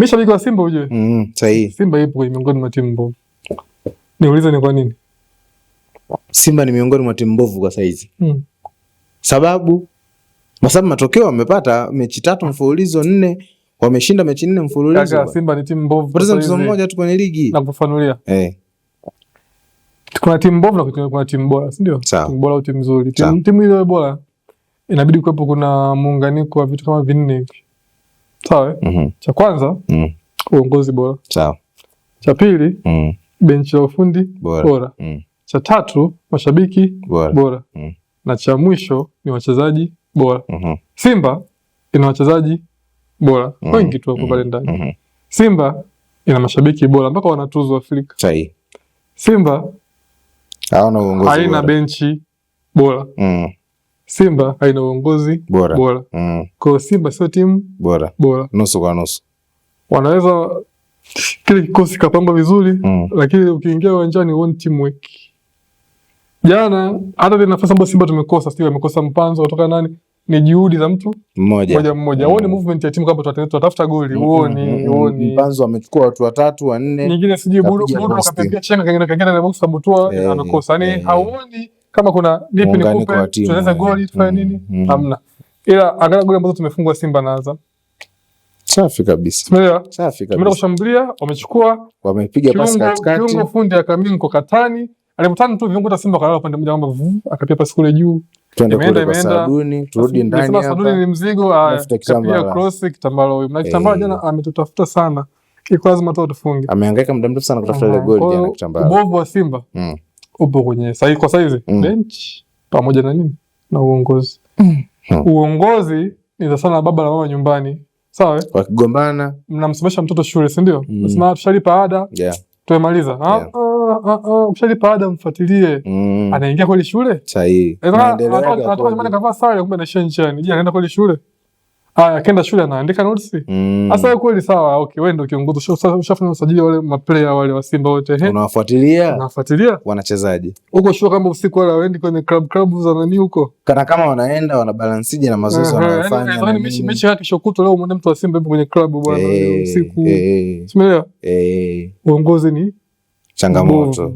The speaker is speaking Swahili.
Mi shabiki wa Simba ujue. Mm, sahihi. Simba ipo miongoni mwa timu mbovu. Niulize ni kwa nini? Simba ni miongoni mwa timu mbovu kwa saizi. Mm. Sababu kwa sababu matokeo wamepata mechi tatu mfululizo nne, wameshinda mechi nne mfululizo. Kaka, Simba ni timu mbovu. Poteza mchezo mmoja tu kwenye ligi. Nakufafanulia. Eh. Kuna timu mbovu na kuna timu bora, si ndio? Timu bora au timu nzuri. Timu ile bora inabidi kuwepo kuna muunganiko wa vitu kama vinne hivi. Sawa. mm -hmm. Cha kwanza mm. uongozi bora. Sawa. Cha pili mm. benchi la ufundi bora, bora. Mm. Cha tatu mashabiki bora, bora. Mm. na cha mwisho ni wachezaji bora. mm -hmm. Simba ina wachezaji bora mm -hmm. wengi tu wako pale mhm. ndani. mm -hmm. Simba ina mashabiki bora mpaka wanatuzwa Afrika. Sahi. Simba haina benchi bora. mm. Simba haina uongozi bora, bora. Mm. Kwa Simba sio timu bora, bora nusu kwa nusu, wanaweza kile kikosi kapamba vizuri mm. Lakini ukiingia uwanjani one team week. Jana hata ile nafasi ambayo Simba tumekosa, sio amekosa mpanzo kutoka nani, ni juhudi za mtu mmoja mmoja mmoja, uone mm. movement ya timu kama tutatafuta goli, uone uone mpanzo amechukua watu watatu wanne, nyingine sijui bodo bodo akapiga chenga kingine kingine na box abutua eh, anakosa, yani eh, eh. hauoni yeah kama kuna nipi nikupe, tunaweza eh. goli tufanye mm, nini, mm. hamna. Ila angalia goli ambazo tumefungwa Simba na Azam Safi kabisa. Umeelewa? Safi kabisa. Tumeenda kushambulia, wamechukua, wamepiga pasi katikati. Kiungo fundi akaminko katani, alikutana tu viungo ta Simba kalala upande mmoja kwamba vuu, akapiga pasi kule juu. Tuende kule kwa Saduni, turudi ndani hapa. Saduni ni mzigo, akapiga ah, cross kitambalo huyo. Na kitambalo eh. jana ametutafuta sana. Iko lazima tu tufunge. Ameangaika muda mrefu sana kutafuta ile goli jana kitambalo. Ubovu wa Simba. Mm upo kwenye sahi kwa saizi mm. bench pamoja na nini na uongozi mm. uongozi ni sana baba na mama nyumbani, sawa, wakigombana mnamsomesha mtoto shule, si ndio? mm. Nasema ah, tushalipa ada yeah. tumemaliza ah, yeah. Ah, ada mfatilie mm. anaingia kweli shule, sahihi, anatoka nyumbani kavaa sare, kumbe anaishia njiani. Je, anaenda kweli shule? Aya, ah, akaenda shule anaandika notes. Sasa mm. kweli sawa, okay, wewe ndio kiongozi. Ushafanya usajili wale maplayer wale wa Simba wote. Unawafuatilia? Unawafuatilia? Wanachezaje? Huko shule kama usiku wala waendi kwenye club club za nani huko? Kana kama wanaenda wanabalansije na mazoezi wanayofanya. Yaani mechi mechi yake shokuto leo mwenye mtu wa Simba kwenye club bwana eh, usiku. Eh, eh. Simelewa? Eh. Uongozi ni changamoto.